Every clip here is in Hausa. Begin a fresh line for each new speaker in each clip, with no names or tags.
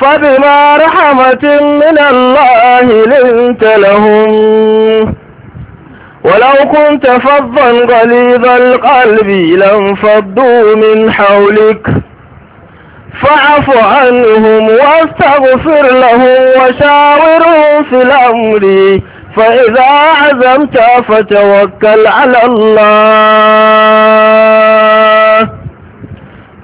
فبما رحمة من الله لنت لهم ولو كنت فظا غليظ القلب لانفضوا من حولك فاعف عنهم واستغفر لهم وشاورهم في الأمر فإذا عزمت فتوكل على الله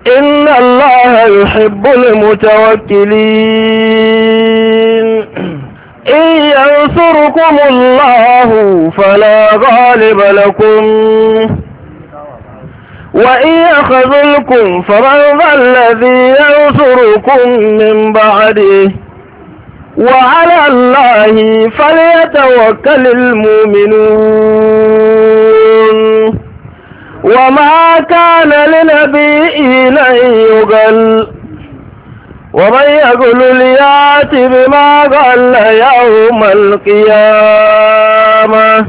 إن الله يحب المتوكلين إن ينصركم الله فلا غالب لكم وإن يخذلكم فمن ذا الذي ينصركم من بعده وعلى الله فليتوكل المؤمنون وما كان لنبي أن يقل ومن يقل ليات بما قال يوم القيامة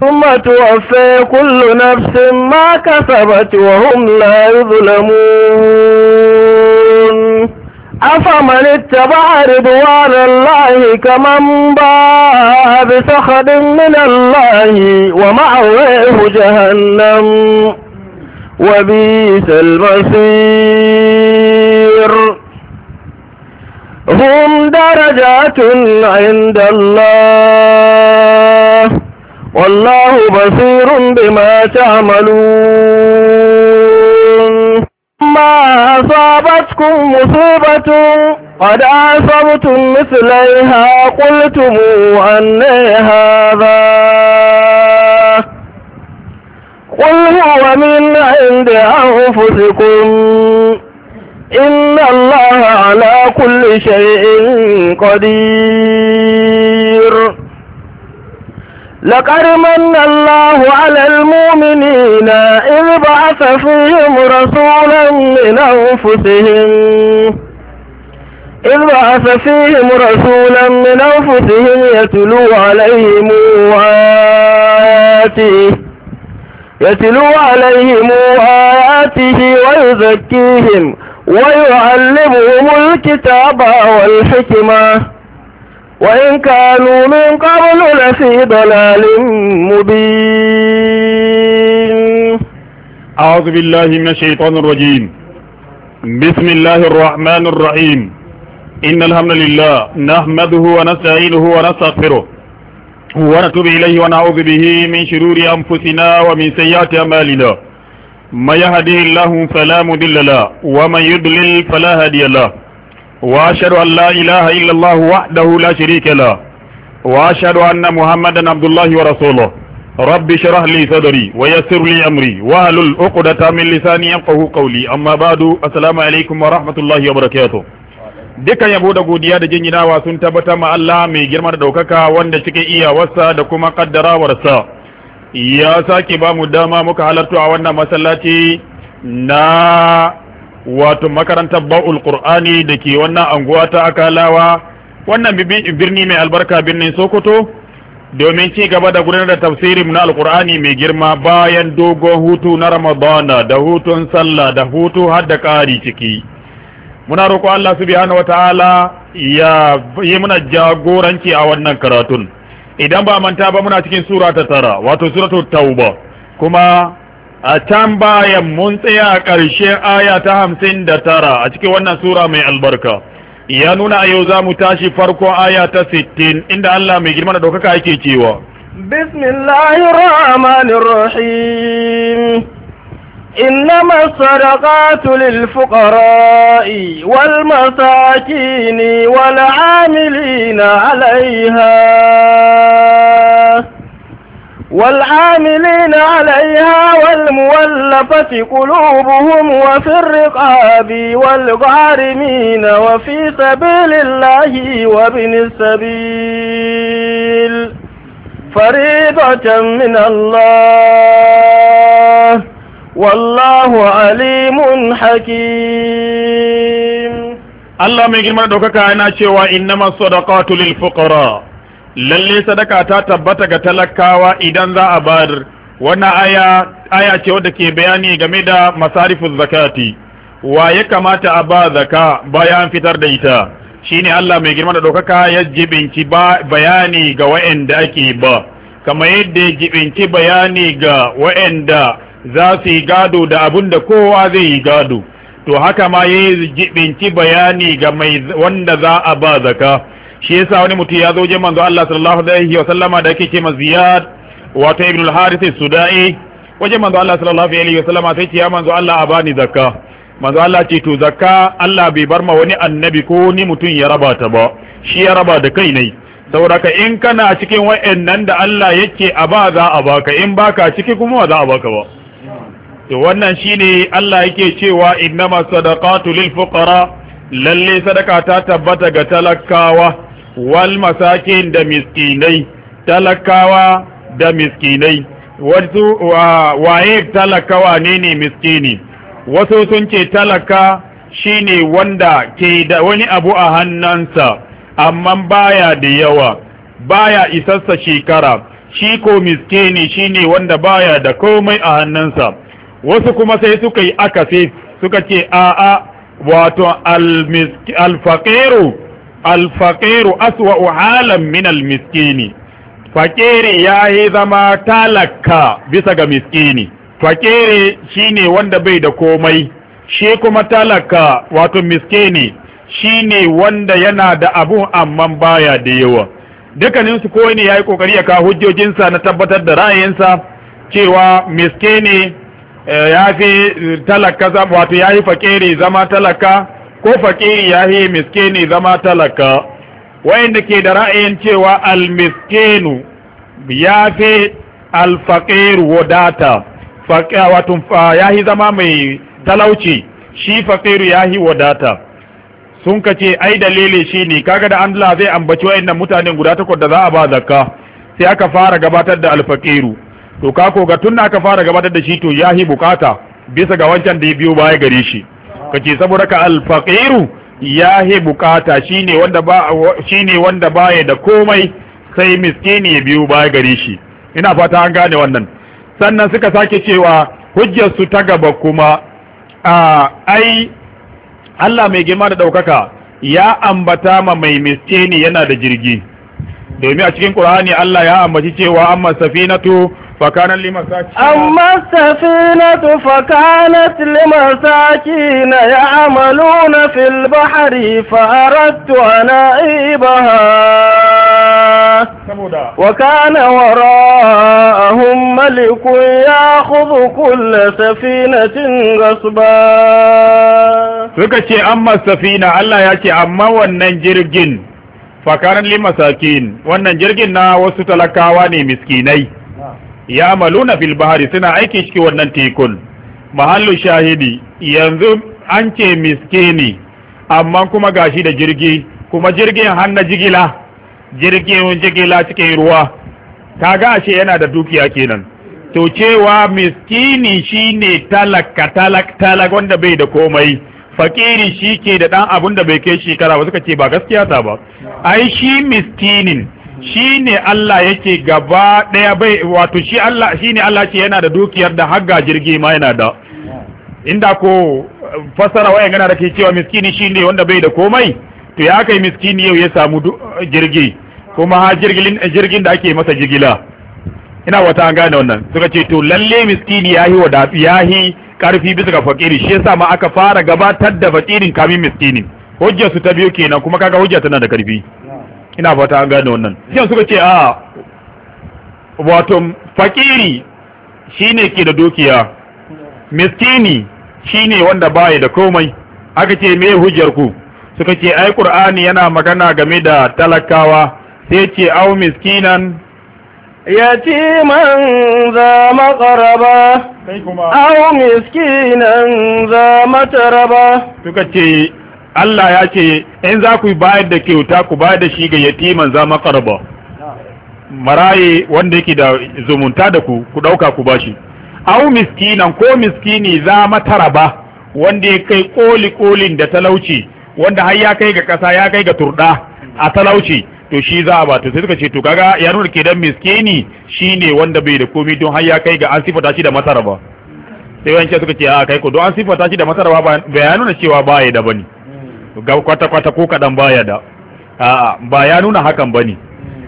ثم توفي كل نفس ما كسبت وهم لا يظلمون أفمن اتبع رضوان الله كمن باع بسخط من الله ومأويه جهنم وبئس المصير هم درجات عند الله والله بصير بما تعملون فلما أصابتكم مصيبة قد أصبتم مثليها قلتم أن هذا قل هو من عند أنفسكم إن الله على كل شيء قدير لقد من الله على المؤمنين إذ بعث فيهم رسولا من أنفسهم إذ بعث فيهم رسولا من أنفسهم يتلو عليهم آياته يتلو عليهم آياته ويزكيهم ويعلمهم الكتاب والحكمة وإن كانوا من قبل
لفي ضلال مبين أعوذ بالله من الشيطان الرجيم بسم الله الرحمن الرحيم إن الحمد لله نحمده ونستعينه ونستغفره ونتوب إليه ونعوذ به من شرور أنفسنا ومن سيئات أعمالنا ما يهده الله فلا مضل له ومن يضلل فلا هادي له وأشهد أن لا إله إلا الله وحده لا شريك له وأشهد أن محمدا عبد الله ورسوله رب شرح لي صدري ويسر لي أمري وهل الأقدة من لساني يفقه قولي أما بعد السلام عليكم ورحمة الله وبركاته duka yabo da godiya da jinjinawa sun tabbata ma Allah mai girma da daukaka wanda iya iyawarsa da kuma kaddarawarsa ya sake ba mu dama muka halartu a wannan masallaci na wato makarantar ba'ul qur'ani da ke wannan anguwa ta akalawa wannan birni mai albarka birnin sokoto domin ci gaba da gudanar da tafsirin na alqur'ani mai girma bayan dogon hutu na ramadana da hutun sallah da hutu har da ƙari ciki muna roƙo Allah subhanahu wataala ya yi muna jagoranci a wannan karatun idan ba manta ba muna cikin sura tara wato suratul tauba kuma a can bayan mun tsaya a ƙarshen aya ta hamsin da tara a cikin wannan sura mai albarka ya nuna a yau za mu tashi farko aya ta sittin inda Allah mai girma da ɗaukaka yake cewa
bismillahir rahmanir rahim إنما الصدقات للفقراء والمساكين والعاملين عليها والعاملين عليها والمولفة قلوبهم وفي الرقاب والغارمين وفي سبيل الله وابن السبيل فريضة من الله
والله عليم حكيم الله ميجي من دوكا كاينا cewa innamas sadaqatu lil lalle sadaka ta tabbata ga talakawa idan za a bar wannan aya aya ce wadda ke bayani game da masarifin zakati wa ya kamata a ba zaka bayan fitar da ita shine Allah mai girma da ɗaukaka ya jibinci bayani ga wa'anda ake ba kamar yadda ya jibinci bayani ga wa'anda za su yi gado da abin da kowa zai yi gado to haka ma ya jibinci bayani ga wanda za a ba zaka shi yasa wani mutum ya zo wajen manzo Allah sallallahu alaihi wa sallama da yake ce ma Ziyad wato Ibn al-Harith sudai wajen manzo Allah sallallahu alaihi wa sallama sai ce ya manzo Allah a bani zakka manzo Allah ce to zakka Allah bai bar ma wani annabi ko ni mutum ya raba ta ba shi ya raba da kai ne saboda ka in kana cikin wa'annan da Allah yake a ba za a baka in baka ciki kuma ba za a baka ba to wannan shine Allah yake cewa innama sadaqatu lil fuqara lalle sadaka ta tabbata ga talakawa wal masakin da miskinai talakawa da miskinai wasu waye talakawa ne ne miskini wasu sun ce talaka shine wanda ke da wani abu a hannansa amma baya da yawa baya isassa shekara shi ko miskini shine wanda baya da komai a hannunsa wasu kuma sai suka yi akasi suka ce a'a wato alfaƙeru. alfaƙiru aswa halan minal miskini faƙiri ya yi zama talaka bisa ga miskini faƙiri shine wanda bai da komai shi kuma talaka wato miskini shine wanda yana da abu amma baya da yawa dukkaninsu ko ne ya yi ƙoƙari ya kawo hujjojinsa na tabbatar da ra'ayinsa cewa miskini eh, ya fi talaka wato ya yi faƙiri zama talaka ko fakiri ya yi miskini zama talaka wayanda ke da ra'ayin cewa almiskinu ya fi alfaqiru wadata wato ya yi zama mai talauci shi faqiru ya yi wadata sun ka ce ai dalili shi ne kaga da Allah zai ambaci wayannan mutanen guda takwas da za a ba zakka sai aka fara gabatar da alfaqiru to ko ga tun aka fara gabatar da shi to yahi bukata bisa ga wancan da ya biyo baya gare shi kace saboda ka alfaqiru ya he bukata shine wanda ba shine wanda baya da komai sai miskini ya biyo baya gare shi ina fata an gane wannan sannan suka sake cewa hujjar su ta gaba kuma ai Allah mai girma da daukaka ya ambata ma mai miskini yana da jirgi domin a cikin Qur'ani Allah ya ambaci cewa amma safinatu فكان لمساكين
أما السفينة فكانت لمساكين يعملون في البحر فأردت أن أعيبها وكان وراءهم ملك ياخذ كل سفينة غصبا
سكتي أما السفينة الله يأتي أما وننجرجن فكان لمساكين وننجرجن وستلكاواني مسكيني ya maluna fil filbahari suna aikin shi wannan tekun mahallu shahidi yanzu an ce miskini amma kuma gashi da jirgi kuma jirgin hannu jigila jirgin jigila cikin ruwa ta gashi yana da dukiya kenan to cewa miskini shine talaka talak talak wanda bai da komai fakiri shi ke da ɗan abun da bai kai shekara ba suka ce ba gaskiya ta ba ai shi miskinin shi ne Allah yake gaba ɗaya bai wato shi Allah shi ne Allah ce yana da dukiyar da hagga jirgi ma yana da inda ko uh, fasara wayan gana da ke cewa miskini shi ne wanda bai da komai to ya kai miskini yau ya samu uh, jirgi kuma ha jirgin uh, jirgin da ake masa jigila ina wata an gane wannan suka ce to lalle miskini yahi wada yahi karfi bisa ga fakiri shi yasa ma aka fara gabatar da fakirin kamin miskini hujjar su ta biyu kenan kuma kaga hujja tana da karfi ina fata an gane wannan sai suka ce a ah, wato fakiri shine ke da dukiya miskini shine wanda baya da komai aka ce me hujjar ku suka ce ai qur'ani yana magana game da talakawa sai ce au miskinan yatiman za maqraba au miskinan za mataraba suka ce Allah ya ce in za ku bayar da kyauta ku bayar da shi ga yatiman za makarba maraye wanda yake da zumunta da ku ku dauka ku bashi au miskinan ko miskini za mataraba wanda ya kai koli kolin da talauci wanda har ya kai ga kasa ya kai ga turda a talauci to shi za a ba to sai suka ce to kaga ya nuna ke dan miskini shine wanda bai da komai don har ya kai ga an sifata shi da mataraba sai wancan suka ce a kai ko don an sifata shi da mataraba ba ya nuna cewa ba ya da bane kwata-kwata ko kaɗan baya da ba ya nuna hakan ba ne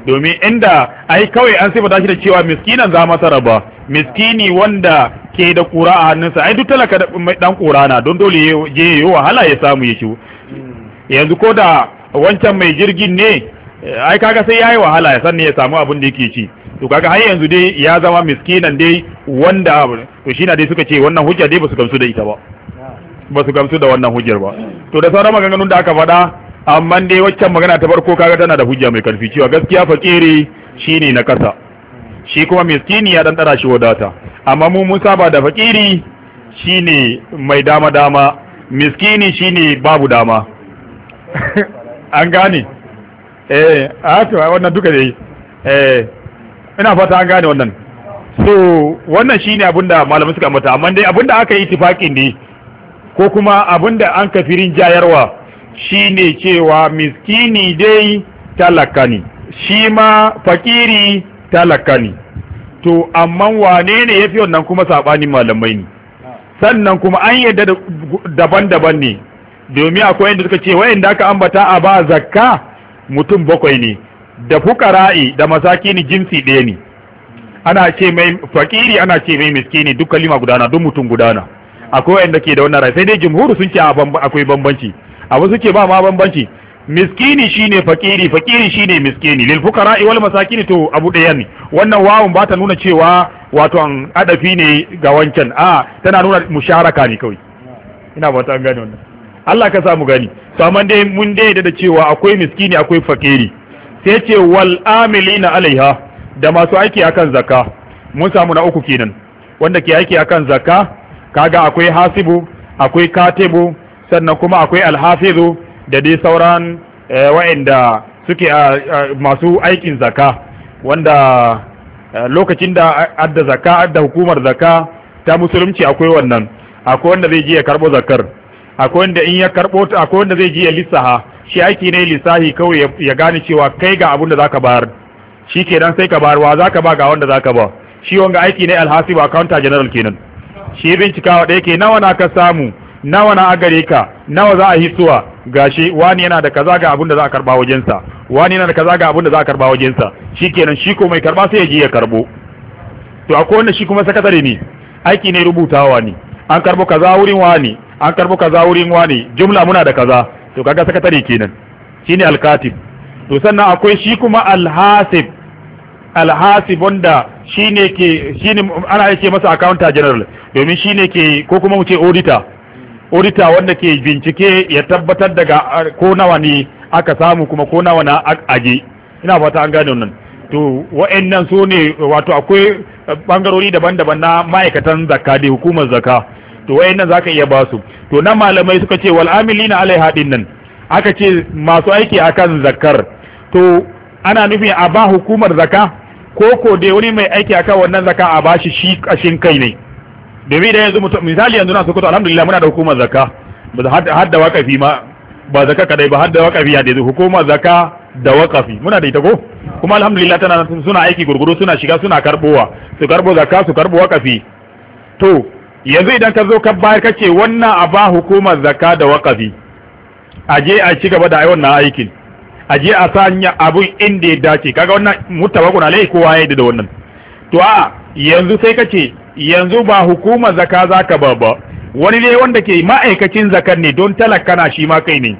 domin inda ai kawai an sai shi da cewa miskinan za masa raba miskini wanda ke da kura a hannunsa ai duk talaka da dan kura na don dole je yi wahala ya samu ya ci yanzu ko da wancan mai jirgin ne ai kaga sai yayi wahala ya sanne ya samu abin da yake ci to kaga har yanzu dai ya zama miskinan dai wanda to shi dai suka ce wannan hujja dai ba su gamsu da ita ba ba su gamsu da wannan hujjar ba to da sauran maganganun da aka faɗa amma dai waccan magana ta farko kaga tana da hujja mai karfi cewa gaskiya fakiri shine na kasa shi kuma miskini ya dan shi wadata amma mu mun saba da fakiri shine mai dama dama miskini shine babu dama an gane eh a to wannan duka dai eh ina fata an gane wannan so wannan shine abinda malamai suka mata amma dai abinda aka yi ittifaqin ne ko kuma abinda an kafirin jayarwa shine cewa miskini dai talaka ne shi ma fakiri talaka ne to amma wane ne fi wannan kuma saɓani malamai ne sannan kuma an yadda daban-daban ne domin akwai yadda suka ce da aka ambata a ba zakka mutum bakwai ne da fukara'i da masakini jinsi ɗaya ne ana ce mai fakiri ana ce mai miskini duk kalima gudana duk mutum gudana akwai wanda ke da wannan ra'ayi sai dai jumhuru sun ce akwai bambanci abu suke ba ma bambanci miskini shine fakiri fakiri shine miskini lil fuqara wal masakin to abu daya ne wannan wawun ba ta nuna cewa wato an adafi ne ga wancan a tana nuna musharaka ne kawai ina ba ta gane wannan Allah ka samu gani to amma dai mun dai da cewa akwai miskini akwai fakiri sai ce wal amilina alaiha da masu aiki akan zakka mun samu na uku kenan wanda ke aiki akan zakka kaga akwai hasibu akwai katibu sannan kuma akwai alhafizu da dai sauran eh, wa'inda suke masu aikin zaka wanda eh, lokacin da adda zaka adda hukumar zaka ta musulunci akwai wannan akwai wanda zai je ya karbo zakar akwai wanda in ya karbo ta akwai wanda zai je ya lissaha shi aiki ne lissahi kawai ya gane cewa kai ga abin da zaka bayar shi kenan sai ka bayar wa zaka ba ga wanda zaka ba shi wanga aiki ne alhasibu accountant general kenan shi bincikawa da yake nawa na ka samu nawa na agare ka nawa za a hisuwa gashi wani yana da kaza ga abin da za a karba wajensa wani yana da kaza ga abin da za a karba wajensa shikenan shi ko mai karba sai ya je ya karbo to akwai wanda shi kuma sakatare ne aiki ne rubutawa ne an karbo kaza wurin wani an karbo kaza wurin wani jumla muna da kaza to kaga sakatare kenan shine alkatib to sannan akwai shi kuma alhasib alhasib wanda shine ke shine ana yake masa accountant general domin shine ke ko kuma mu ce auditor auditor wanda ke bincike ya tabbatar daga ko nawa ne aka samu kuma ko nawa na aje ina fata an gane wannan to wa'annan su ne wato akwai bangarori daban-daban na ma'aikatan zakka da hukumar zakka to wa'annan zaka iya basu to nan malamai suka ce wal amilina alaiha dinnan aka ce masu aiki akan zakkar to ana nufi a ba hukumar zakka ko ko dai wani mai aiki akan wannan zaka a bashi shi kashin kai ne domin da yanzu misali yanzu na sokoto alhamdulillah muna da hukumar zaka ba har da wakafi ma ba zaka kadai ba har da wakafi ya dai hukumar zaka da wakafi muna da ita ko kuma alhamdulillah tana suna aiki gurguru suna shiga suna karbowa su karbo zaka su karbo wakafi to yanzu idan ka zo ka bayar kace wannan a ba hukumar zaka da wakafi a je a ci gaba da wannan aikin a je a sanya abun inda ya dace kaga wannan kun alai kowa ya da wannan to a yanzu sai ka ce yanzu ba hukuma zaka zaka ba ba wani ne wanda ke ma'aikacin zakar ne don talaka na shi ma kai ne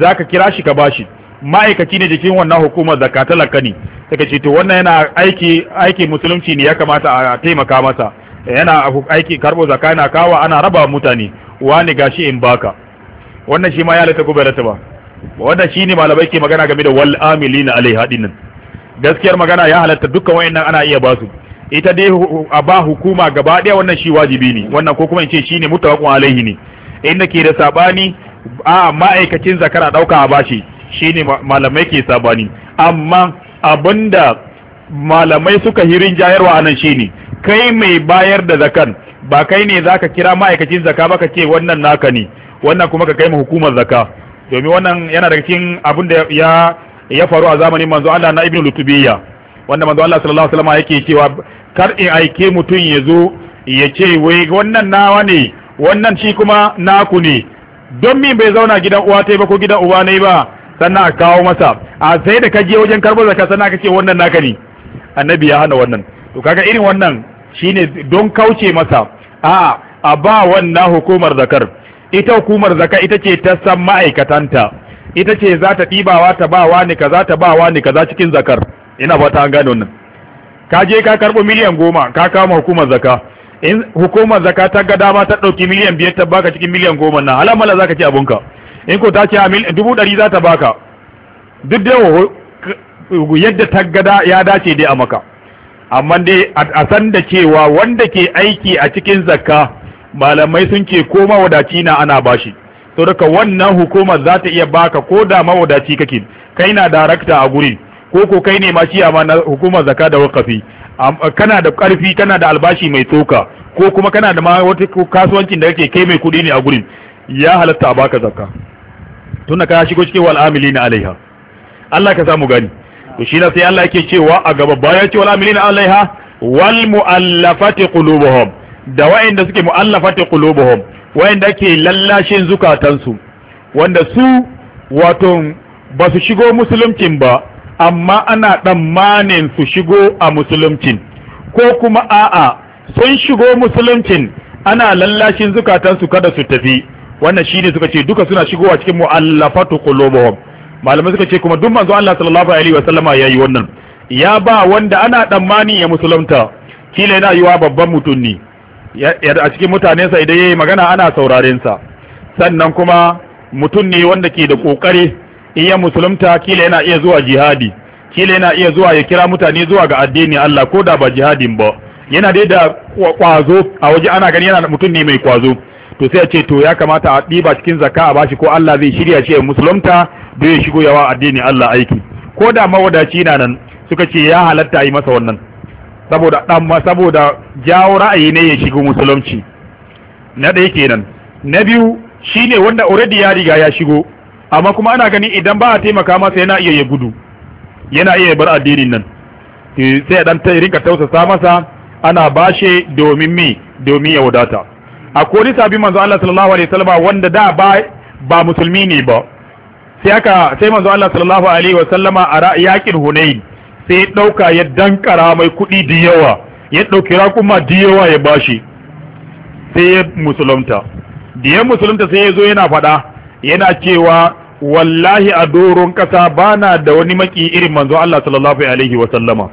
zaka kira shi ka bashi ma'aikaci ne jikin wannan hukumar zaka talaka ne Daga ce to wannan yana aiki aiki musulunci ne ya kamata a taimaka masa yana aiki karbo zakka yana kawa ana raba mutane wani gashi in baka wannan shi ma ya lata gobe ba wannan ne malamai ke magana game da wal amilina alaiha dinnan gaskiyar magana ya halatta dukkan wayannan ana iya basu ita dai a ba hukuma gaba daya wannan shi wajibi ne wannan ko kuma in ce shi ne mutawakkun alaihi ne inda ke da sabani a ma'aikacin zakara dauka a bashi shi ne malamai ke sabani amma abinda malamai suka hirin jayarwa anan ne kai mai bayar da zakan ba kai ne zaka kira ma'aikacin zaka ba ka ce wannan naka ne wannan kuma ka kai ma hukumar zaka domin wannan yana daga cikin abin da ya ya faru a zamanin manzo Allah na ibnu Lutubiyya wanda manzo Allah sallallahu alaihi wasallam yake cewa kar in aike mutum ya zo ya ce wai wannan nawa ne wannan shi kuma naku ne don min bai zauna gidan uwa ta ba ko gidan uba ne ba sannan a kawo masa a sai da ka je wajen karbar zakka sannan ka ce wannan naka ne annabi ya hana wannan to kaga irin wannan shine don kauce masa a a ba wannan hukumar zakar ita hukumar zaka ita ce ta san ma'aikatanta ita ce za ta ɗibawa ta ba wani kaza ta ba wani kaza cikin zakar ina ba ta gano nan ka je ka karɓo miliyan goma ka kama hukumar zaka in hukumar zaka ta ga dama ta ɗauki miliyan biyar ta baka cikin miliyan goma na alamala za ka ci abunka in ko ta ce a dubu ɗari za ta baka duk da yadda ta gada ya dace dai a maka amma dai a san da cewa wanda ke aiki a cikin zakka malamai sun ce ko mawadaci na ana bashi to daga wannan hukumar za ta iya baka ko da mawadaci kake kai na darakta a gurin ko ko kai ne ma shi amma na hukumar zaka da wakafi kana da karfi kana da albashi mai tsoka ko kuma kana da ma wata kasuwancin da kake kai mai kuɗi ne a gurin ya halatta a baka zakka tunda ka shigo cikin wal amilina alaiha Allah ka samu gani to shi sai Allah yake cewa a gaba baya ce wal amilina alaiha wal mu'allafati qulubuhum da wa'inda suke mu'allafati qulubuhum wa'inda ke lallashin zukatansu wanda su wato ba su shigo musuluncin ba amma ana tsammanin su shigo a musuluncin ko kuma a'a sun shigo musuluncin ana lallashin zukatansu kada su tafi wannan shine suka ce duka suna shigowa cikin mu'allafatu qulubuhum malamai suka ce kuma duk manzo Allah sallallahu alaihi wa sallama yayi wannan ya ba wanda ana tsammani ya musulunta kila yana yiwa babban mutum ne a cikin mutanensa idan yayi magana ana sauraren sa sannan kuma mutum ne wanda ke da kokari in ya musulunta kila yana iya zuwa jihadi kila yana iya zuwa ya kira mutane zuwa ga addini Allah ko da ba jihadin ba yana dai da kwazo a waje ana gani yana mutum ne mai kwazo to sai a ce to ya kamata a ɗiba cikin zakka a bashi ko Allah zai shirya shi ya musulunta da ya shigo yawa addini Allah aiki ko da mawadaci na nan suka ce ya halatta yi masa wannan saboda dan saboda jawo ra'ayi ne ya shigo musulunci na ɗaya kenan na biyu shine wanda already ya riga ya shigo amma kuma ana gani idan ba a taimaka masa yana iya ya gudu yana iya bar addinin nan eh, sai dan ta rinka tausasa masa ana bashe domin me domin ya wadata a kori sabi manzo Allah sallallahu alaihi wasallam wanda da ba ba musulmi ne ba sai aka sai manzo Allah sallallahu alaihi wasallama a yakin Hunain sai ya ɗauka ya dankara mai kuɗi da yawa ya ɗauki raƙuma da yawa ya bashi sai ya musulunta da ya musulunta sai ya zo yana faɗa yana cewa wallahi a doron ƙasa ba na da wani maki irin manzo Allah sallallahu alaihi wa sallama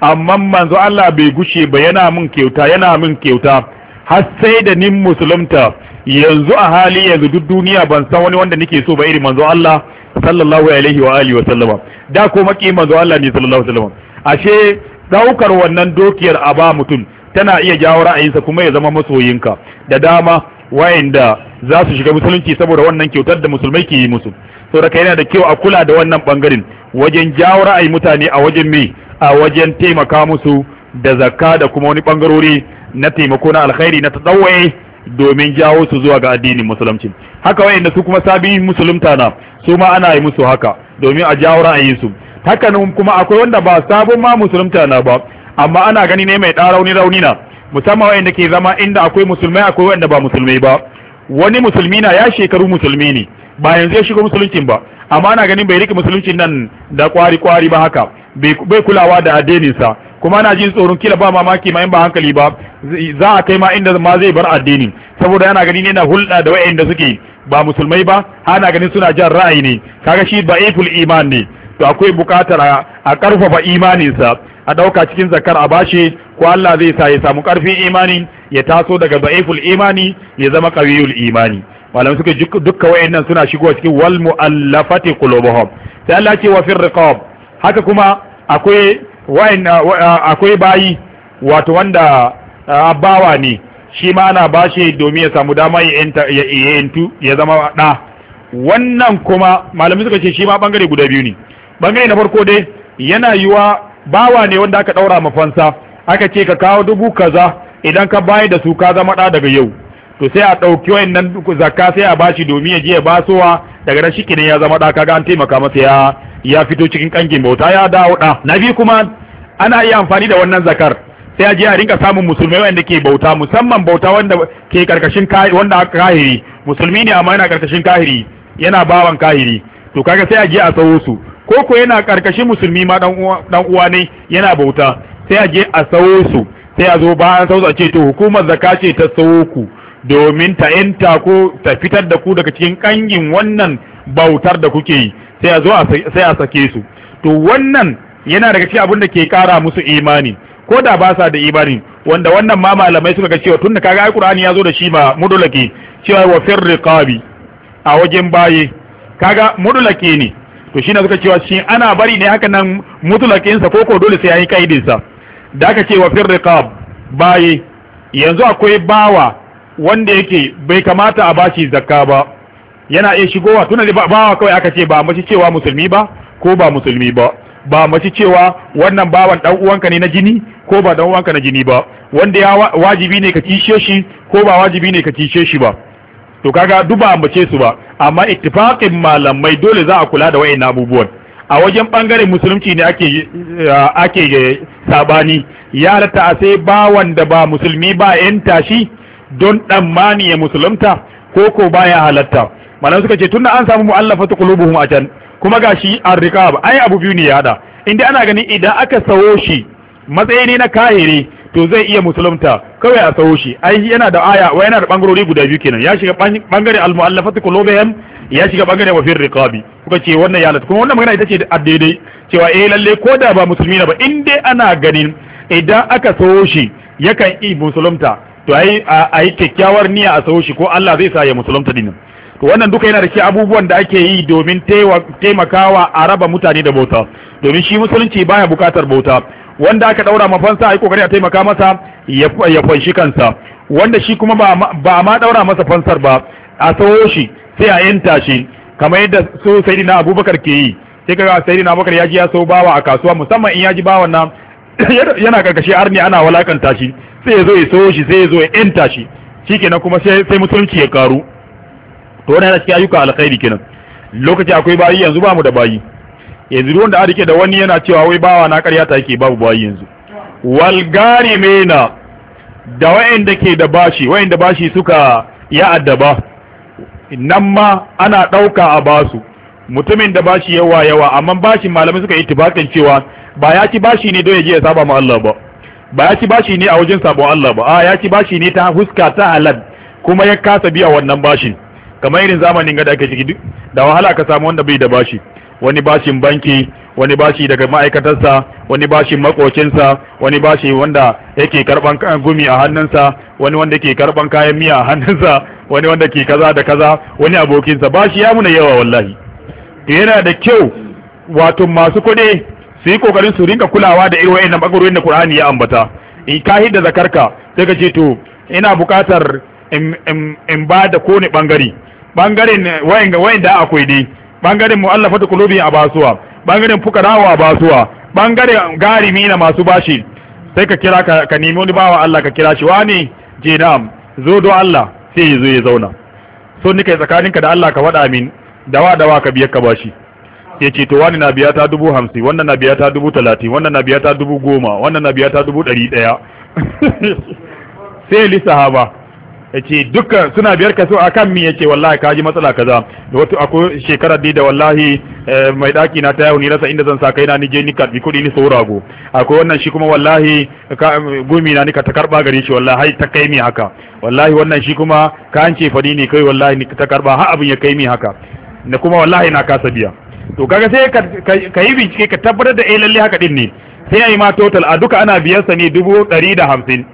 amma manzo Allah bai gushe ba yana min kyauta yana min kyauta har sai da nin musulunta yanzu a hali yanzu duk duniya ban san wani wanda nake so ba irin manzo Allah sallallahu alaihi wa alihi wa sallama da ko maki manzo Allah ne sallallahu alaihi wa sallama ashe daukar wannan dokiyar a ba mutum tana iya jawo ra'ayinsa kuma ya zama masoyinka da dama wayanda za su shiga musulunci saboda wannan kyautar da musulmai ke yi musu saboda yana da kyau a kula da wannan bangaren wajen jawo ra'ayi mutane a wajen me a wajen taimaka musu da zakka da kuma wani bangarori na taimako na alkhairi na tsawaye domin jawo su zuwa ga addinin musulunci haka wayanda su kuma sabi musulunta na su ma ana yi musu haka domin a jawo ra'ayin su haka nan kuma akwai wanda ba sabon ma musulunta na ba amma ana gani ne mai ɗan rauni rauni na musamman wayanda ke zama inda akwai musulmai akwai wanda ba musulmai ba wani musulmi na ya shekaru musulmi ne ba yanzu ya shiga musuluncin ba amma ana ganin bai rike musuluncin nan da kwari kwari ba haka bai kulawa da addinin sa kuma ana jin tsoron kila ba mamaki ma in ba hankali ba za a kai ma inda ma zai bar addini saboda yana ganin yana hulɗa da wa'anda suke ba musulmai ba ana ganin suna jan ra'ayi ne kaga shi da'iful iman ne to akwai bukatar a karfafa imaninsa a dauka cikin zakar a bashi ko Allah zai sa ya samu karfin imani ya taso daga da'iful imani ya zama qawiyul imani malam suka dukka wayannan suna shigowa cikin wal mu'allafati qulubuhum sai Allah ce wa fir haka kuma akwai Uh, uh, akwai bayi wato wanda uh, abawa ne shi ma ana bashi domin ya samu dama ya yantu ya zama da wannan kuma malamin suka ce shi ma bangare guda biyu ne bangare na farko dai yana yiwa bawa ne wanda aka ɗaura fansa aka ce ka kawo dubu kaza idan ka bayi da su ka zama da daga yau to sai a ɗauki wayannan zakka sai a bashi domin ya je ya basowa daga nan ne ya zama da kaga an taimaka masa ya ya fito cikin kangin bauta ya dawo da na bi kuma ana iya amfani da wannan zakar sai a je a rinka samun musulmai wanda ke bauta musamman bauta wanda ke karkashin wanda kahiri musulmi ne amma yana karkashin kahiri yana bawan kahiri to kaga sai a je a sawo su ko ko yana karkashin musulmi ma dan uwa dan uwa ne yana bauta sai a je a sawo su sai a zo bayan sawo a ce to hukumar zakka ce ta sawo ku domin ta yanta ko ta fitar da ku daga cikin kangin wannan bautar da kuke yi sai a zo sai a sake su to wannan yana daga cikin abin da ke kara musu imani ko da ba sa da imani wanda wannan ma malamai suka ga cewa tun da kaga alqur'ani ya zo da shi ba mudulaki cewa wa fir qabi a wajen baye kaga mudulaki ne to shine suka cewa shi ana bari ne haka nan mutulakin sa koko dole sai yayi kaidin sa da aka ce wa fir baye yanzu akwai bawa wanda yake bai kamata a bashi zakka ba yana iya shigowa tuna da bawa kawai aka ce ba mace cewa musulmi ba ko ba musulmi ba ba mace cewa wannan bawan dan uwanka ne na jini ko ba dan uwanka na jini ba wanda ya wajibi ne ka kishe shi ko ba wajibi ne ka kishe shi ba to kaga duk ba mace su ba amma ittifaqin malamai dole za a kula da wayannan abubuwan a wajen bangaren musulunci ne ake eh, ake sabani ya lata a sai bawan da ba musulmi ba yan tashi don dan ya musulunta ko ko baya halatta malam suka ce tunda an samu mu'allafatu qulubuhum a can kuma gashi ar-riqab ai abu biyu ne ya hada inda ana ganin idan aka sawo shi matsayi ne na kahiri to zai iya musulunta kawai a sawo shi ai yana da aya wa yana da bangarori guda biyu kenan ya shiga bangare al-mu'allafatu qulubuhum ya shiga bangare wa fir riqabi kuka ce wannan ya kuma wannan magana ita ce a daidai cewa eh lalle ko da ba musulmi ba in dai ana ganin idan aka sawo shi yakan yi musulunta to ai ai kyakkyawar niyya a sawo shi ko Allah zai sa ya musulunta dinin to wannan duka yana da shi abubuwan da ake yi domin taimakawa a raba mutane da bauta domin shi musulunci baya bukatar bauta wanda aka daura mafansa a yi kokari a taimaka masa ya fanshi kansa wanda shi kuma ba ma daura masa fansar ba a sawo shi sai a yanta shi kamar yadda su sayyidina abubakar ke yi sai kaga sayyidina abubakar ya ji ya sau bawa a kasuwa musamman in ya ji bawan nan yana karkashi arni ana walakanta shi sai ya zo ya sawo shi sai ya zo ya yanta shi shikenan kuma sai musulunci ya karu to wannan yana cikin ayyuka alkhairi kenan lokaci akwai bayi yanzu ba mu da bayi yanzu wanda a rike da wani yana cewa wai bawa na ƙarya ta yake babu bayi yanzu wal mena da wa'anda ke da bashi wa'anda bashi suka ya addaba nan ma ana ɗauka a basu mutumin da bashi yawa yawa amma bashin malamai suka ittifakan cewa ba ya ci bashi ne don ya je ya saba ma Allah ba ba ya ci bashi ne a wajen sabon Allah ba a ya ci bashi ne ta fuska ta halal kuma ya kasa biya wannan bashin kamar irin zamanin ga da ake ciki da wahala ka samu wanda bai da bashi wani bashin banki wani bashi daga ma'aikatarsa wani bashin makocinsa wani bashi wanda yake karban gumi a hannunsa wani wanda ke karban kayan miya a hannunsa wani wanda ke kaza da kaza wani abokinsa bashi ya muna yawa wallahi yana da kyau wato masu kuɗi su yi kokarin su rinka kulawa da irin wa'annan bangarorin da Qur'ani ya ambata in ka hidda zakarka sai ka ce to ina buƙatar in ba da kowane bangare bangaren eh, wayan da akwai dai bangaren mu'allafatu kulubi a basuwa bangaren fukarawa a basuwa bangaren garimi na masu bashi sai ka kira ka, nemi wani bawa Allah ka kira shi wani je na'am zo do Allah sai ya zo ya zauna so ni kai tsakaninka da Allah ka faɗa min dawa dawa ka biyar ka bashi ya ce to wani na biya ta dubu hamsin wannan na biya ta dubu talatin wannan na biya ta dubu goma wannan na biya ta dubu ɗari ɗaya sai lissa haba yace dukkan suna biyar kaso akan mi yace wallahi ka ji matsala kaza wato akwai shekarar da wallahi eh, mai daki na ta yau ni rasa inda zan sa ina ni je ni karbi kudi ni saurago akwai wannan shi kuma wallahi gumi na ni ka ta gare shi wallahi ta kai mi haka wallahi wannan shi kuma ka an ce fadi ne kai wallahi ni ta karba har abin ya kai mi haka na kuma wallahi na kasa biya to kaga sai ka yi bincike ka tabbatar da eh lalle haka din ne sai ai ma total a duka ana biyar sa ne dubu ɗari da hamsin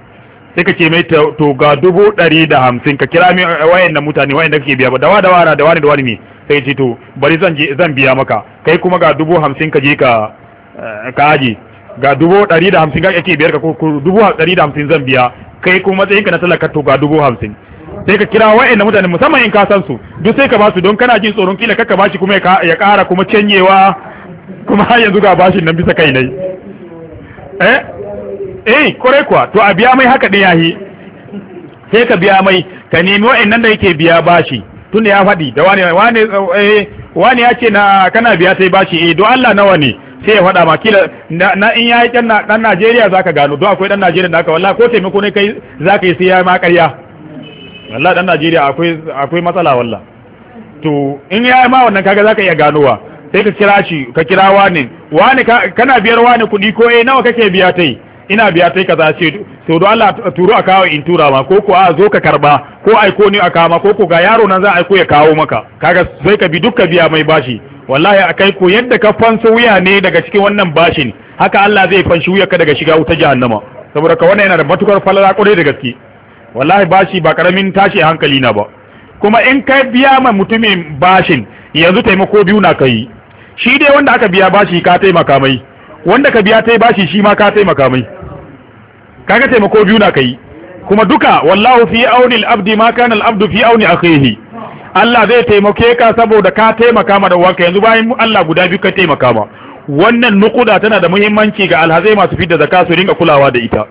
sai ka ce mai to ga dubu ɗari da hamsin ka kira min eh, wayan na mutane wayan da kake biya ba dawa dawa da wani da wani ne sai ce to bari zan zan biya maka kai kuma ga dubu hamsin ka je ka eh, ka aje ga dubu ɗari da hamsin kake biyar ka ko dubu ɗari da hamsin zan biya kai kuma matsayin ka na talaka to ga dubu hamsin sai ka kira wayan mutane musamman in ka san su duk sai ka ba su don kana jin tsoron kila kakka bashi kuma ya ƙara kuma canyewa kuma har yanzu ga bashin nan bisa kai nai eh eh kore kuwa to a biya mai haka ɗaya he? sai ka biya mai ka nemi wa'annan da yake biya bashi Tun ya faɗi da wani wani eh wani ya ce na kana biya sai bashi eh don Allah nawa ne sai ya faɗa ma kila na in yayi dan dan Najeriya zaka gano don akwai dan Najeriya da aka wallahi ko taimako ne kai zaka yi sai ya ma ƙarya wallahi dan Najeriya akwai akwai matsala wallahi to in yayi ma wannan kaga zaka iya ganowa sai ka kira shi ka kira wani wani kana biyar wani kuɗi ko eh nawa kake biya tai ina biya tai kaza ce to da Allah turo a kawo in tura ma ko kuwa zo ka karba ko aiko ni a kawo ko ko ga yaro nan za aiko ya kawo maka kaga sai ka bi dukka biya mai bashi wallahi a kai ko yadda ka fansa wuya ne daga cikin wannan bashin haka Allah zai fanshi wuya ka daga shiga wuta jahannama saboda ka wannan yana da matukar falala kwarai da gaske wallahi bashi ba karamin tashi hankali na ba kuma in ka biya ma mutumin bashin yanzu taimako biyu na kai shi dai wanda aka biya bashi ka taimaka mai wanda ka biya tai bashi shi ma ka taimaka mai kaga taimako biyu na kai kuma duka wallahu fi auni al-abdi ma kana al-abdu fi auni akhihi Allah zai taimake ka saboda ka taimaka ma da wanka yanzu bayan Allah guda biyu ka taimaka ma wannan nukuda tana da muhimmanci ga alhazai masu fidda zakka su ringa kulawa da ita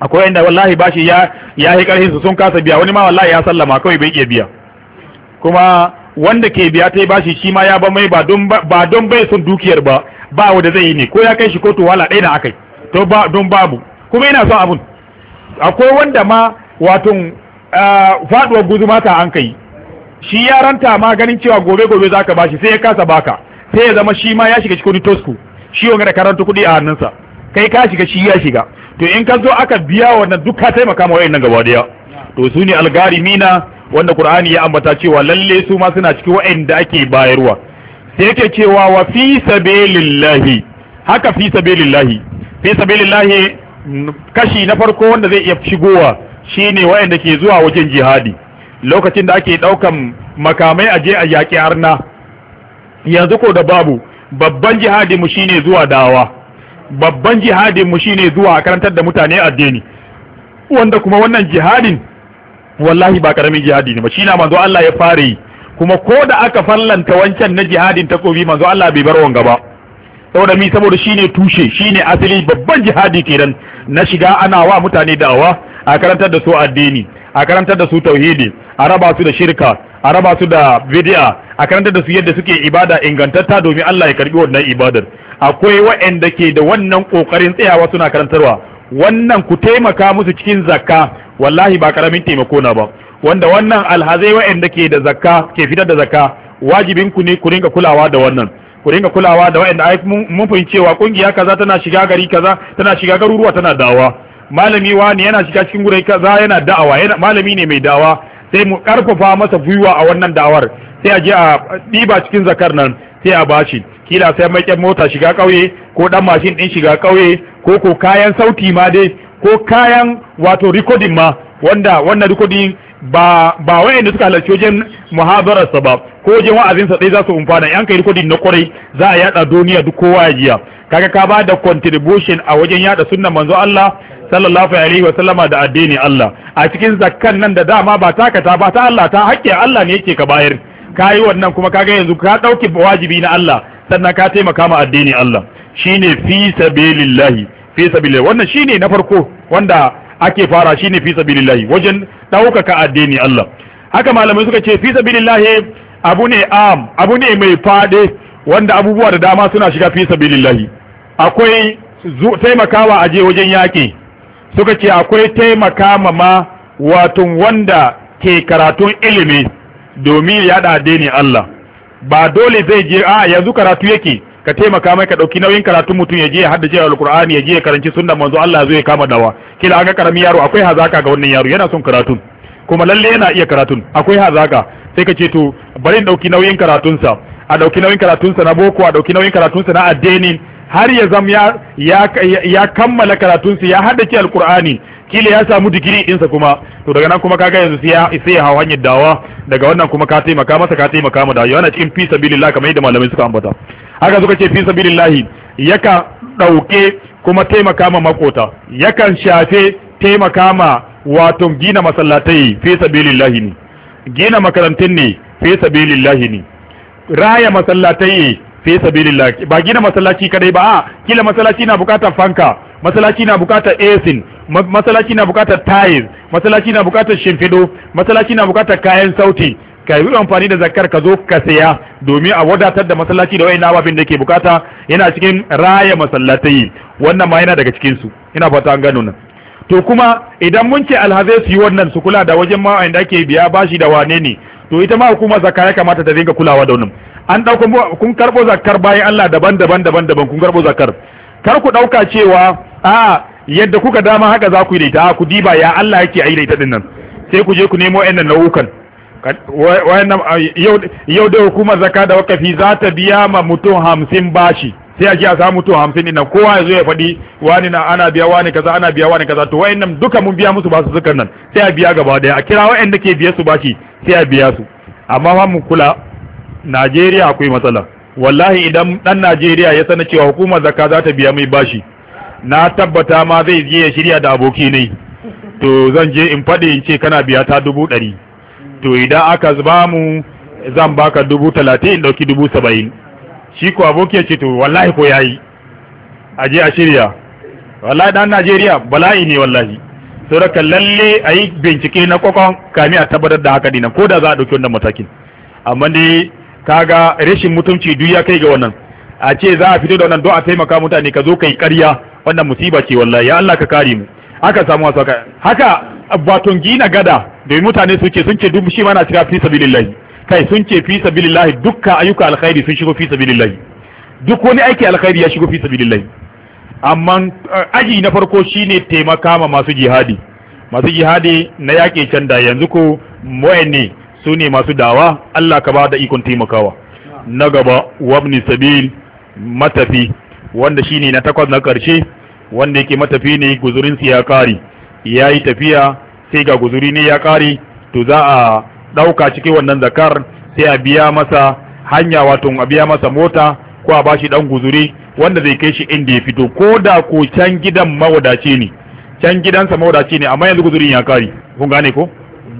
akwai inda wallahi bashi ya ya yi karhin su sun kasa biya wani ma wallahi ya sallama kawai bai iya biya kuma wanda ke biya ta bashi shi ma ya ba mai ba don ba don bai son dukiyar ba ba wanda zai yi ne ko ya kai shi kotu wala ɗaya da akai to ba don babu kuma yana son abun akwai wanda ma waton faduwar guzuma ta an kai shi ya ranta ma ganin cewa gobe gobe zaka bashi sai ya kasa baka sai ya zama shi ma ya shiga cikin tosku shi wanga da karanta kuɗi a hannunsa kai ka shiga shi ya shiga to in ka zo aka biya wannan duk ka taimaka ma wayannan gaba daya to su ne mina wanda qur'ani ya ambata cewa lalle su ma suna cikin wayanda ake bayarwa sai yake cewa wa fi sabilillahi haka fi sabilillahi fi sabilillahi kashi na farko wanda zai iya shigowa shine wayanda ke zuwa wajen jihadi lokacin da ake daukan makamai aje a yaƙi arna yanzu ko da babu babban jihadin mu shine zuwa dawa babban jihadin mu shine zuwa a karantar da mutane addini wanda kuma wannan jihadin wallahi ba karamin jihadi ne ba shi na manzo Allah ya fare kuma ko da aka fallanta wancan na jihadin takobi manzo Allah bai bar wanga ba saboda mi saboda shine tushe shine asali babban jihadi kenan na shiga ana wa mutane da'awa a karantar da su addini a karantar da su tauhidi a raba su da shirka a raba su da bid'a a karantar da su yadda suke ibada ingantatta domin Allah ya karbi wannan ibadar akwai wa'anda ke da wannan kokarin tsayawa suna karantarwa wannan ku taimaka musu cikin zakka wallahi ba karamin taimako na ba wanda wannan alhazai wa'anda ke da zakka ke fitar da zakka wajibin ku ne ku ringa kulawa da wannan ku ringa kulawa da waɗanda ai mun fahimci cewa kungiya kaza tana shiga gari kaza tana shiga garuruwa tana dawa malami wani yana shiga cikin gurai kaza yana da'awa malami ne mai dawa sai mu karfafa masa gwiwa a wannan da'awar sai a je a ɗiba cikin zakar nan sai a bashi kila sai maƙin mota shiga kauye ko dan mashin ɗin shiga kauye ko ko kayan sauti ma dai ko kayan wato rikodin ma wanda wannan rikodin ba ba wayanda suka halarci wajen muhabararsa ba ko wajen sa tsaye za su umfana yan kai rikodin na kwarai za a yada duniya duk kowa ya jiya kaga ka bada contribution a wajen yada sunnan manzo Allah sallallahu alaihi wa sallama da addini Allah a cikin zakkan nan da dama ba takata ta ba ta Allah ta hakke Allah ne yake ka bayar kai wannan kuma kaga yanzu ka dauki wajibi na Allah sannan ka taimaka ma addini Allah shine fi sabilillahi fi sabilillahi wannan shine na farko wanda ake fara shine fi sabilillahi wajen daukaka addini Allah haka malamai suka ce fi sabilillahi abu ne am abu ne mai fade wanda abubuwa da dama suna shiga fi sabilillahi akwai taimakawa a je wajen yaƙi suka ce akwai taimaka ma wato wanda ke karatun ilimi domin ya da addini Allah ba dole zai je a yanzu karatu yake ka taimaka mai ka dauki nauyin karatun mutum ya je ya haddace alqur'ani ya je ya karanci sunna manzo Allah zai kama dawa kila an ga karamin yaro akwai hazaka ga wannan yaro yana son karatun kuma lalle yana iya karatun akwai hazaka sai ka ce to bari in ɗauki nauyin karatunsa a ɗauki nauyin karatunsa na boko a dauki nauyin karatunsa na addini har ya zama ya ya kammala karatunsa ya ki alƙur'ani kila ya samu digiri ɗinsa kuma to daga nan kuma kaga yanzu sai ya hau hanyar dawa daga wannan kuma ka taimaka masa ka taimaka ma dawa yana cikin fi sabilillah kamar yadda malamai suka ambata haka suka ce fi sabilillah yaka ɗauke kuma taimaka ma makota yakan shafe taimaka ma wato gina masallatai fi sabilillah ne gina makarantun ne fi sabilillahi ne raya masallatai ne fi sabilillahi ba gina masallaci kadai ba a kila masallaci na bukatar fanka masallaci na bukatar asin masallaci na bukatar tayis masallaci na bukatar shimfido masallaci na bukatar kayan sauti ka yi amfani da zakar ka zo ka saya domin a wadatar da masallaci da wayan ababin da ke bukata yana cikin raya masallatai wannan ma yana daga cikin su ina fata an gano nan to kuma idan mun ce alhazai su yi wannan su kula da wajen ma da ake biya bashi da wane ne to ita ma hukumar zakka ya kamata ta dinga kulawa da wannan an dauko kun karbo zakkar bayan Allah daban-daban daban-daban kun karbo zakkar kar ku dauka cewa a yadda kuka dama haka za ku yi ta ku diba ya Allah yake ayi ta dinnan sai ku je ku nemo ƴan nau'ukan yau da hukumar zakka da wakafi za ta biya ma mutum hamsin bashi sai a ce a samu to hamsin din nan kowa ya zo ya faɗi wani na ana biya wani kaza ana biya wani kaza to nan duka mun biya musu basu sukan nan sai a biya gaba daya a kira da ke biya su bashi sai a biya su amma fa mu kula Najeriya akwai matsala wallahi idan dan Najeriya ya sana cewa hukumar zakka za ta biya mai bashi na tabbata ma zai je ya shirya da aboki ne to zan je in faɗi in ce kana biya ta dubu ɗari to idan aka zuba mu zan baka dubu talatin in ɗauki dubu saba'in shi ko aboki ya ce to wallahi ko yayi a je a shirya wallahi dan Najeriya bala'i ne wallahi sauraka lalle a yi bincike na kwakwan kami a tabbatar da haka dinan ko da za a ɗauki wannan matakin amma ne kaga rashin mutunci duk ya kai ga wannan a ce za a fito da wannan don a taimaka mutane ka zo kai ƙarya wannan musiba ce wallahi ya Allah ka kare mu aka samu wasu haka haka gina gada domin mutane su ce sun ce duk shi mana na cika fi sabilillahi kai sun ce fi sabilillahi dukkan ayyuka alkhairi sun shigo fi sabilillahi duk wani aiki alkhairi ya shigo fi sabilillahi amma eh, aji na farko shine taimaka ma masu jihadi masu jihadi na yaƙi can da yanzu ko ne sune masu dawa Allah ka ba da ikon taimakawa na gaba wabni sabil matafi wanda shine na takwas na karshe wanda yake matafi ne guzurin ya kare yayi tafiya sai ga guzuri ne ya kare to za a ɗauka cikin wannan zakar sai a biya masa hanya wato a biya masa mota ko a bashi ɗan guzuri wanda zai kai shi inda ya fito ko da ko can gidan mawadaci ne can gidansa mawadaci ne amma yanzu guzurin ya kari kun gane ko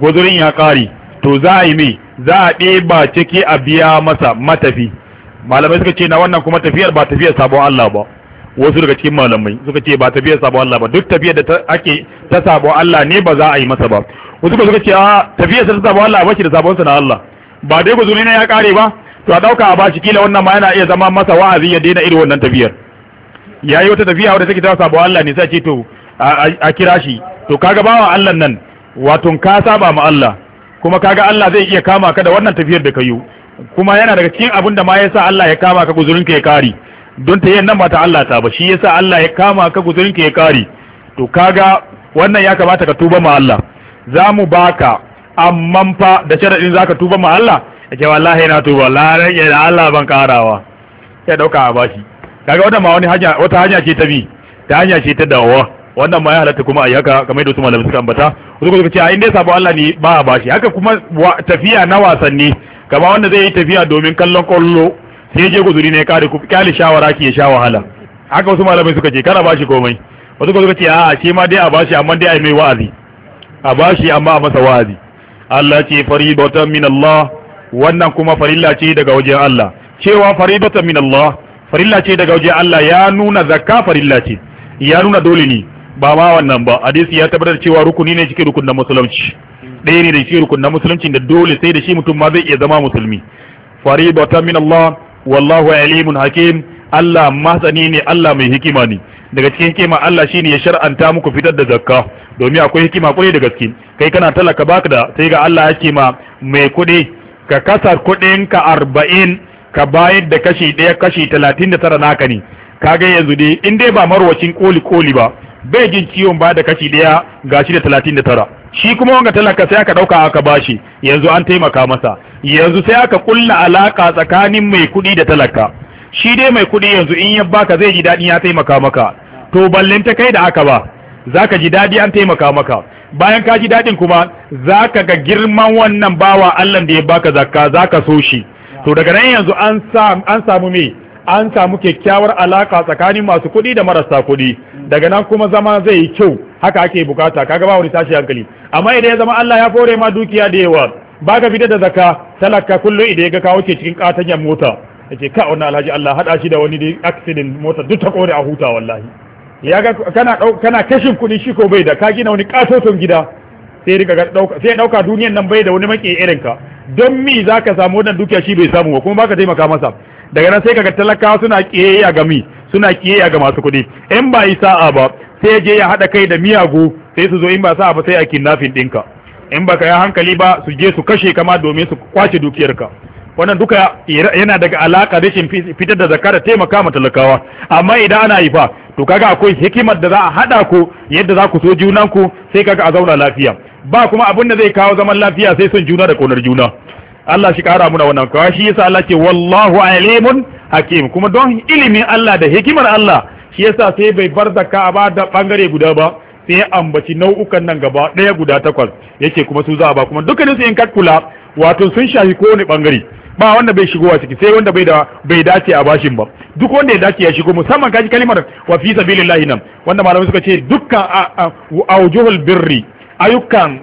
guzurin ya kari to za a yi mai, za a ɗeba ciki a biya masa matafi malamai suka ce na wannan kuma tafiyar ba tafiyar sabon Allah ba wasu daga cikin malamai suka ce ba tafiyar sabon Allah ba duk tafiyar da ake ta sabon Allah ne ba za a yi masa ba wasu ka suka ce a ah, tafiya sa ta sabon Allah a da sabonsa na Allah ba dai zuri na ya kare ba to a dauka a bashi kila wannan ma yana iya zama masa wa'azi ya daina irin wannan tafiyar yayi wata tafiya wadda take ta sabo Allah ne sai ce to a kira shi to kaga bawa Allah nan wato ka saba ma Allah kuma kaga Allah zai iya kama ka da wannan tafiyar da kayu kuma yana daga cikin abin da ma yasa Allah ya kama ka guzurin ka ya kare don ta nan ba ta Allah ta ba shi yasa Allah ya kama ka guzurin ka ya kare to kaga wannan ya kamata ka tuba ma Allah za mu baka amman fa da sharaɗin za ka tuba ma Allah yake wallahi na tuba lalai rage da Allah ban karawa ya ɗauka a bashi kaga wata ma wani hanya wata hanya ce ta bi ta hanya ce ta dawowa wannan ma ya halatta kuma ayi haka kamar yadda su malamai suka ambata wasu suka ce a inda ya sabo Allah ne ba a bashi haka kuma tafiya na wasanni kama wanda zai yi tafiya domin kallon kwallo sai je guzuri ne kare kyale shawara ki ya sha wahala haka wasu malamai suka ce kana bashi komai wasu suka ce a ce ma dai a bashi amma dai a yi mai wa'azi a bashi amma a masa wa'azi Allah ce faridatan min Allah wannan kuma farilla ce daga wajen Allah cewa faridatan min Allah farilla ce daga wajen Allah ya nuna zakka farilla ce ya nuna dole ne ba ma wannan ba hadisi ya tabbatar cewa rukuni ne cikin rukunin musulunci ɗaya ne da cikin rukunin musulunci da dole sai da shi mutum ma zai iya zama musulmi faridatan min Allah wallahu alimun hakim Allah masani ne Allah mai hikima ne daga cikin kima Allah shine ya shar'anta muku fitar da zakka domin akwai hikima kwarai da gaske kai kana talaka baka da sai ga Allah ya ce ma mai kuɗi ka kasa kuɗin ka arba'in ka bayar da kashi ɗaya kashi talatin da tara naka ne kaga yanzu dai in dai ba marwacin koli koli ba bai jin ciwon ba da kashi ɗaya gashi da talatin da tara shi kuma wanga talaka sai aka ɗauka aka bashi yanzu an taimaka masa yanzu sai aka kulla alaka tsakanin mai kuɗi da talaka shi dai mai kuɗi yanzu in ya baka zai ji daɗin ya taimaka maka to ballin ta kai da aka ba zaka ji daɗi an taimaka maka bayan ka ji daɗin kuma zaka ga girman wannan bawa Allah da ya baka zakka zaka so shi to daga nan yanzu an an samu me an samu kyakkyawar alaka tsakanin masu kuɗi da marasa kuɗi daga nan kuma zama zai yi kyau haka ake bukata kaga ba wani tashi hankali amma idan ya zama Allah ya fore ma dukiya da yawa baka fita da zakka talaka kullu idan ya ga kawo ke cikin katanyan mota yace ka wannan alhaji Allah hada shi da wani accident mota duk ta kore a huta wallahi ya ga kana kana kashin kuɗi shi ko bai da ka gina wani katoton gida sai rika ga dauka sai dauka duniyan nan bai da wani maki irin ka don mi zaka samu wannan dukiya shi bai samu ba kuma baka taimaka masa daga nan sai kaga talakawa suna kiyayya ga mi suna kiyayya ga masu kuɗi in ba yi sa'a ba sai je ya haɗa kai da miyagu sai su zo in ba sa'a ba sai a kidnapping ɗinka in baka yi hankali ba su je su kashe kama domin su kwace dukiyarka wannan duka yana daga alaka rashin fitar da zakka da taimaka ma talakawa amma idan ana yi to kaga akwai hikimar da za a hada ku yadda za ku so junan ku sai kaga a zauna lafiya ba kuma abin da zai kawo zaman lafiya sai son juna da konar juna Allah shi kara muna wannan kawai shi yasa Allah ke wallahu alimun hakim kuma don ilimin Allah da hikimar Allah shi yasa sai bai bar zakka ba da bangare guda ba sai ambaci nau'ukan nan gaba ɗaya guda takwas yake kuma su za ba kuma dukkanin su in kula wato sun shafi kowane bangare ba wanda bai shigowa ciki sai wanda bai da bai dace a bashin ba duk wanda ya dace ya shigo musamman kaji kalimar wa fi sabilillahi nan wanda malamai suka ce dukkan aujuhul birri ayyukan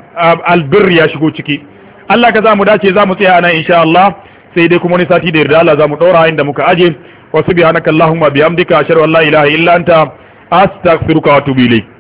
albirri ya shigo ciki Allah ka zamu dace zamu tsaya nan insha Allah sai dai kuma wani sati da yarda Allah zamu daura inda muka aje wa subhanakallahumma bihamdika ashhadu an la ilaha illa anta astaghfiruka wa atubu ilayk